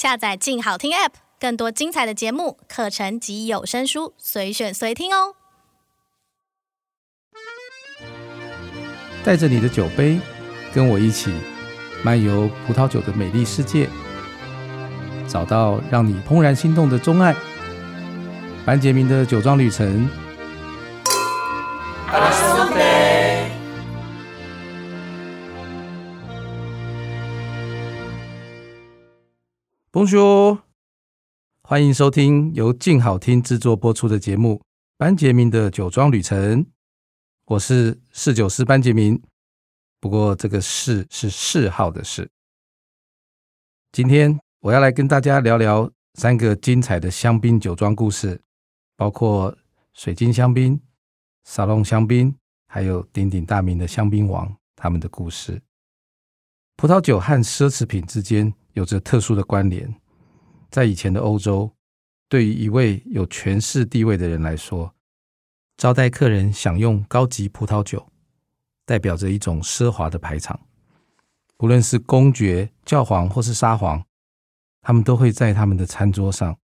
下載“靜好聽 ”App，更多精彩的節目、課程及有聲書，隨選隨聽哦！帶着你的酒杯，跟我一起漫遊葡萄酒的美麗世界，找到讓你怦然心動的鍾愛——《班傑銘的酒莊旅程》。同學，歡迎收聽由靜好聽制作播出的節目《班杰明的酒莊旅程》。我是侍酒師班杰明，不過這個侍是嗜好的嗜。今天我要來跟大家聊聊三個精彩的香檳酒莊故事，包括水晶香檳、沙龍香檳，還有鼎鼎大名的香檳王他們的故事。葡萄酒和奢侈品之間。有着特殊的關聯。在以前的歐洲，對於一位有權勢地位的人來說，招待客人享用高級葡萄酒，代表着一種奢華的排場。無論是公爵、教皇或是沙皇，他們都會在他們的餐桌上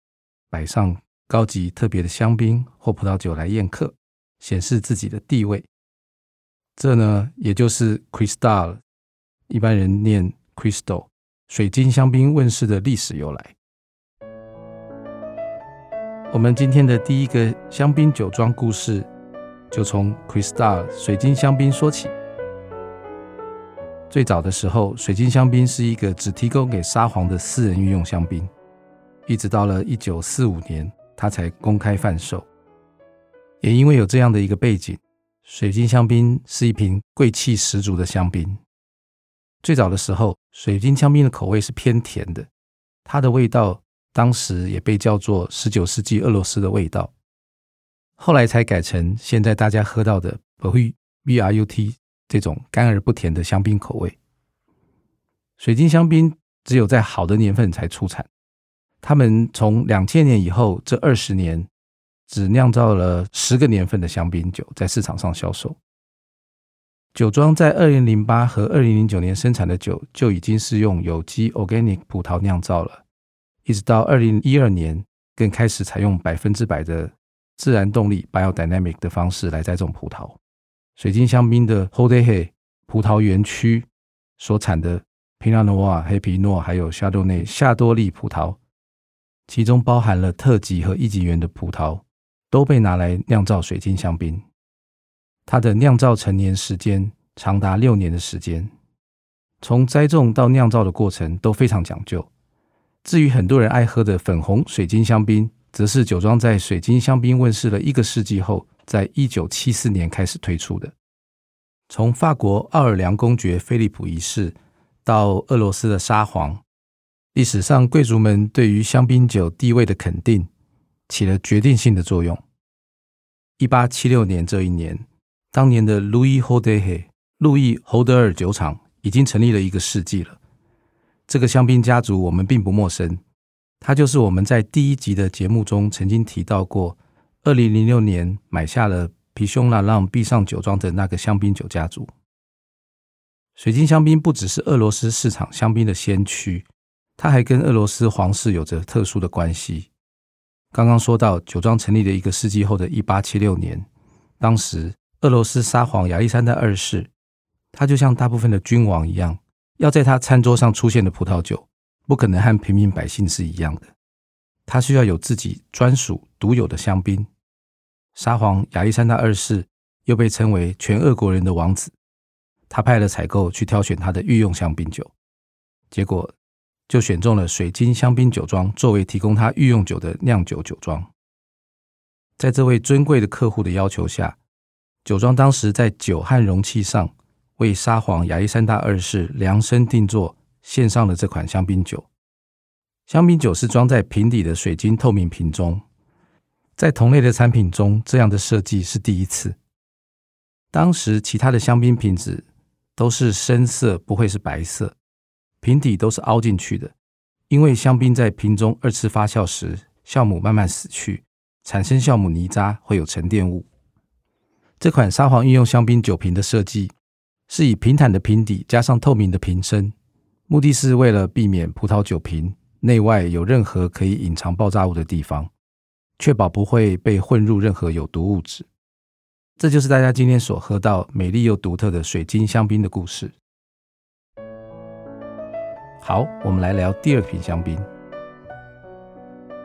擺上高級特別的香檳或葡萄酒來宴客，顯示自己的地位。這呢，也就是 Cristal，一般人念 Crystal。水晶香檳問世的歷史由來。我們今天的第一個香檳酒莊故事，就從 Cristal 水晶香檳說起。最早的時候，水晶香檳是一個只提供給沙皇的私人御用香檳，一直到了一九四五年，它才公開販售。也因為有這樣的一個背景，水晶香檳是一瓶貴氣十足的香檳。最早的時候，水晶香檳的口味是偏甜的，它的味道當時也被叫做十九世紀俄羅斯的味道，後來才改成現在大家喝到的 Brut 這種乾而不甜的香檳口味。水晶香檳只有在好的年份才出產，他們從兩千年以後這二十年只釀造了十個年份的香檳酒在市場上銷售。酒莊在二零零八和二零零九年生產的酒就已經是用有機 （organic） 葡萄釀造了，一直到二零一二年更開始採用百分之百的自然動力 （biodynamic） 的方式來栽種葡萄。水晶香檳的 h o u e h e 葡萄園區所產的皮諾諾瓦 p i n n 黑皮諾（還有夏多內、夏多利）葡萄，其中包含了特級和一級園的葡萄，都被拿來釀造水晶香檳。它的釀造陳年時間長達六年的時間，從栽種到釀造的過程都非常講究。至於很多人愛喝的粉紅水晶香檳，則是酒莊在水晶香檳問世了一個世紀後，在一九七四年開始推出的。從法國奧爾良公爵菲利普一世到俄羅斯的沙皇，歷史上貴族們對於香檳酒地位的肯定，起了決定性的作用。一八七六年這一年。當年的 Louis Roederer，路易侯德爾酒廠已經成立了一個世紀了。這個香檳家族我們並不陌生，它就是我們在第一集的節目中曾經提到過，二零零六年買下了皮胸那讓壁上酒莊的那個香檳酒家族。水晶香檳不只是俄羅斯市場香檳的先驅，它還跟俄羅斯皇室有着特殊的關係。剛剛說到酒莊成立了一個世紀後的一八七六年，當時。俄羅斯沙皇亞歷山大二世，他就像大部分的君王一樣，要在他餐桌上出現的葡萄酒，不可能和平民百姓是一樣的。他需要有自己專屬獨有的香檳。沙皇亞歷山大二世又被稱為全俄國人的王子，他派了採購去挑選他的御用香檳酒，結果就選中了水晶香檳酒莊作為提供他御用酒的釀酒酒莊。在這位尊貴的客戶的要求下。酒莊當時在酒和容器上為沙皇亞歷山大二世量身定做，獻上了這款香檳酒。香檳酒是裝在平底的水晶透明瓶中，在同類的產品中，這樣的設計是第一次。當時其他的香檳瓶子都是深色，不會是白色，瓶底都是凹進去的，因為香檳在瓶中二次發酵時，酵母慢慢死去，產生酵母泥渣，會有沉澱物。這款沙皇御用香檳酒瓶的設計，是以平坦的瓶底加上透明的瓶身，目的是為了避免葡萄酒瓶內外有任何可以隱藏爆炸物的地方，確保不會被混入任何有毒物質。這就是大家今天所喝到美麗又獨特的水晶香檳的故事。好，我們來聊第二瓶香檳。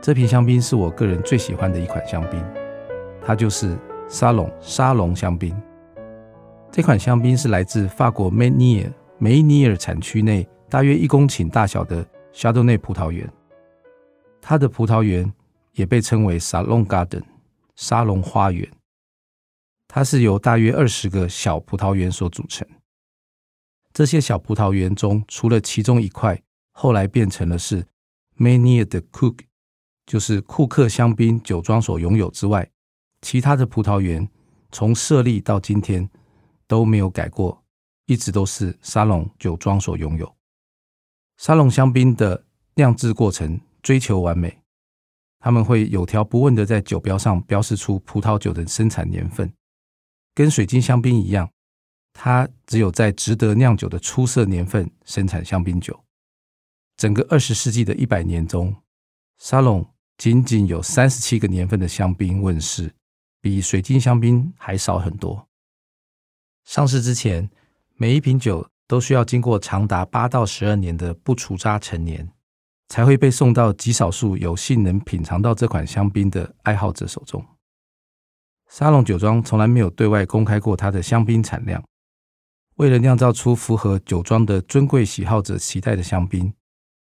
這瓶香檳是我個人最喜歡的一款香檳，它就是。沙龍沙龍香檳，這款香檳是來自法國梅尼爾梅尼爾產區內大約一公頃大小的夏多內葡萄園。它的葡萄園也被稱為 Salon Garden，沙龍花園，它是由大約二十個小葡萄園所組成。這些小葡萄園中，除了其中一塊後來變成了是梅尼爾的 cook，就是庫克香檳酒莊所擁有之外。其他的葡萄園從設立到今天都沒有改過，一直都是沙龍酒莊所擁有。沙龍香檳的釀制過程追求完美，他們會有條不紊地在酒標上標示出葡萄酒的生產年份，跟水晶香檳一樣，它只有在值得釀酒的出色年份生產香檳酒。整個二十世紀的一百年中，沙龍僅僅有三十七個年份的香檳問世。比水晶香檳還少很多。上市之前，每一瓶酒都需要經過長達八到十二年的不除渣陳年，才會被送到極少數有幸能品嘗到這款香檳的愛好者手中。沙龍酒莊從來沒有對外公開過它的香檳產量。為了釀造出符合酒莊的尊貴喜好者期待的香檳，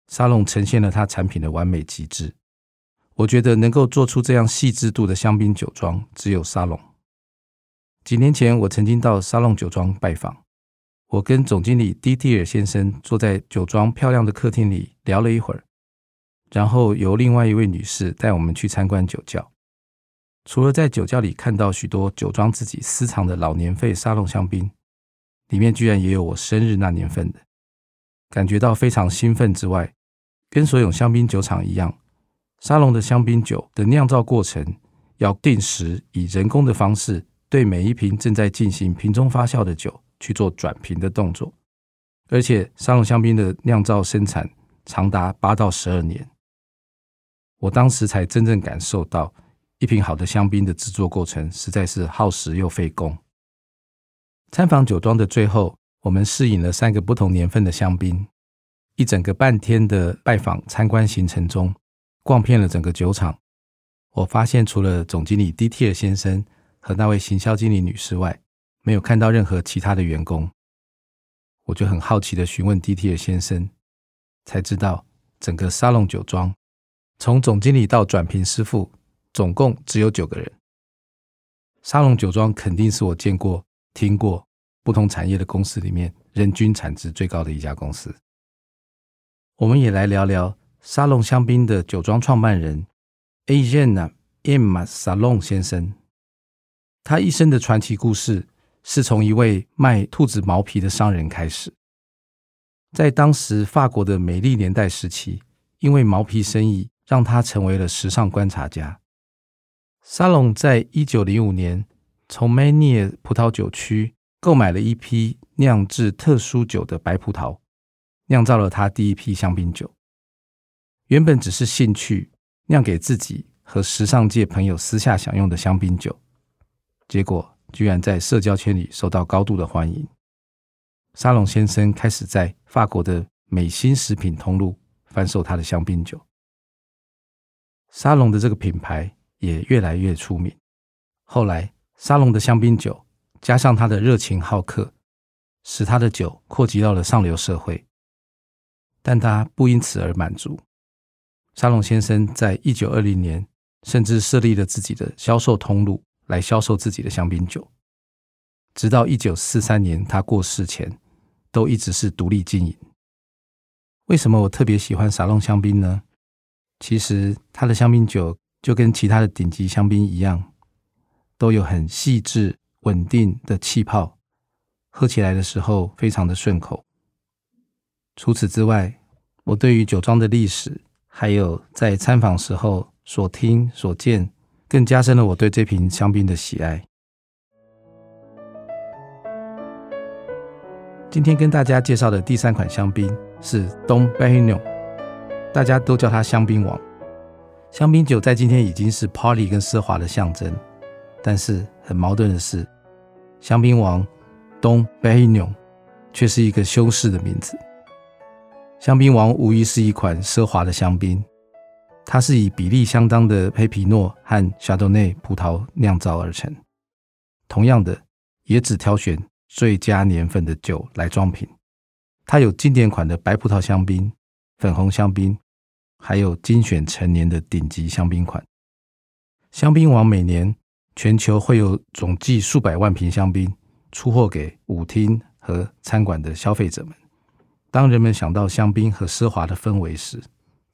沙龍呈現了它產品的完美極致。我覺得能夠做出這樣細緻度的香檳酒莊，只有沙龍。幾年前，我曾經到沙龍酒莊拜訪，我跟總經理迪迪爾先生坐在酒莊漂亮的客廳裡聊了一會兒，然後由另外一位女士帶我們去參觀酒窖。除了在酒窖裡看到許多酒莊自己私藏的老年份沙龍香檳，裡面居然也有我生日那年份的，感覺到非常興奮之外，跟所有香檳酒廠一樣。沙龍的香檳酒的釀造過程要定時以人工的方式對每一瓶正在進行瓶中發酵的酒去做轉瓶的動作，而且沙龍香檳的釀造生產長達八到十二年。我當時才真正感受到一瓶好的香檳的制作過程實在是耗時又費工。參訪酒莊的最後，我們試飲了三個不同年份的香檳。一整個半天的拜訪參觀行程中。逛遍了整個酒廠，我發現除了總經理迪提爾先生和那位行銷經理女士外，沒有看到任何其他的員工。我就很好奇的詢問迪提爾先生，才知道整個沙龍酒莊，從總經理到轉瓶師傅，總共只有九個人。沙龍酒莊肯定是我見過、聽過不同產業的公司裡面，人均產值最高的一家公司。我們也來聊聊。沙龍香檳的酒莊創辦人 Agnan Emma 沙龍先生，他一生的傳奇故事是從一位賣兔子毛皮的商人開始。在當時法國的美麗年代時期，因為毛皮生意，讓他成為了時尚觀察家。沙龍在一九零五年從 Manier 葡萄酒區購買了一批釀製特殊酒的白葡萄，釀造了他第一批香檳酒。原本只是興趣釀給自己和時尚界朋友私下享用的香檳酒，結果居然在社交圈裡受到高度的歡迎。沙龍先生開始在法國的美心食品通路販售他的香檳酒，沙龍的這個品牌也越來越出名。後來，沙龍的香檳酒加上他的熱情好客，使他的酒擴及到了上流社會。但他不因此而滿足。沙龍先生在一九二零年甚至設立了自己的銷售通路來銷售自己的香檳酒，直到一九四三年他過世前都一直是獨立經營。為什麼我特別喜歡沙龍香檳呢？其實它的香檳酒就跟其他的頂級香檳一樣，都有很細緻穩定的氣泡，喝起來的時候非常的順口。除此之外，我對於酒莊的歷史，還有在參訪時候所聽所見，更加深了我對這瓶香檳的喜愛。今天跟大家介紹的第三款香檳是 Dom Pérignon，大家都叫它香檳王。香檳酒在今天已經是 party 跟奢華的象徵，但是很矛盾的是，香檳王 Dom Pérignon 卻是一個修士的名字。香檳王無疑是一款奢華的香檳，它是以比例相當的黑皮諾和夏多內葡萄釀造而成。同樣的，也只挑選最佳年份的酒來裝瓶。它有經典款的白葡萄香檳、粉紅香檳，還有精選陳年的頂級香檳款。香檳王每年全球會有總計數百萬瓶香檳出貨給舞廳和餐館的消費者們。當人們想到香檳和奢華的氛圍時，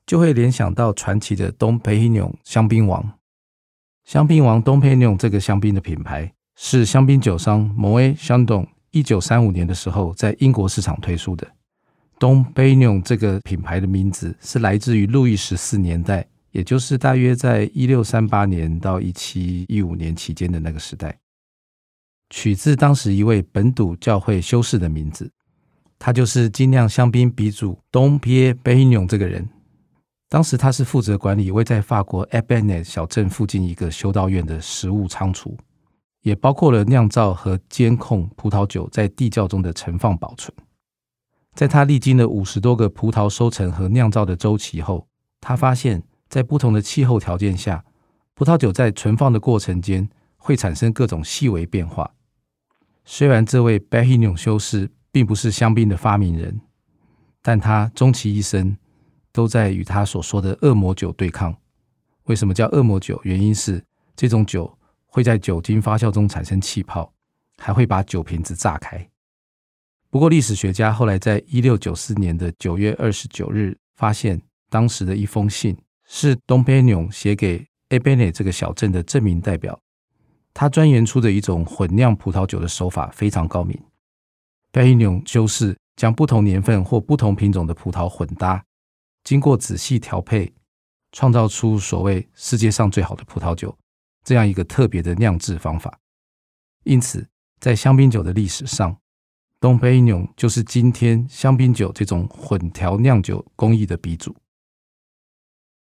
就會聯想到傳奇的東佩里儂香檳王。香檳王東佩里儂這個香檳的品牌是香檳酒商莫埃香東一九三五年的時候在英國市場推出的。東佩里儂這個品牌的名字是來自於路易十四年代，也就是大約在一六三八年到一七一五年期間的那個時代，取自當時一位本篤教會修士的名字。他就是精釀香檳鼻祖 Dom Pérignon 這個人。當時他是負責管理位在法國 Épernay 小鎮附近一個修道院的食物倉儲，也包括了釀造和監控葡萄酒在地窖中的存放保存。在他歷經了五十多個葡萄收成和釀造的週期後，他發現，在不同的氣候條件下，葡萄酒在存放的過程間會產生各種細微變化。雖然這位 Pérignon 修士，並不是香檳的發明人，但他終其一生都在與他所說的“惡魔酒”對抗。為什麼叫惡魔酒？原因是這種酒會在酒精發酵中產生氣泡，還會把酒瓶子炸開。不過，歷史學家後來在1694年的9月29日發現，當時的一封信是 Dom Pérignon 寫給 Abene 這個小鎮的鎮民代表，他鑽研出的一種混釀葡萄酒的手法非常高明。貝尼永就是將不同年份或不同品種的葡萄混搭，經過仔細調配，創造出所謂世界上最好的葡萄酒，這樣一個特別的釀制方法。因此，在香檳酒的歷史上，東貝尼永就是今天香檳酒這種混調釀酒工藝的鼻祖。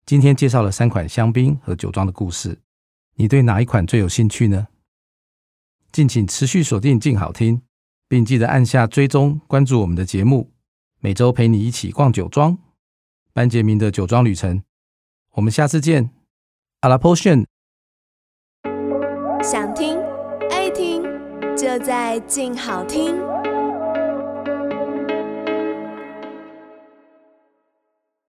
今天介紹了三款香檳和酒莊的故事，你對哪一款最有興趣呢？敬請持續鎖定靜好聽。並記得按下追蹤，關注我們的節目，每周陪你一起逛酒莊，班杰銘的酒莊旅程。我們下次見，阿拉波炫。想聽愛聽，就在靜好聽。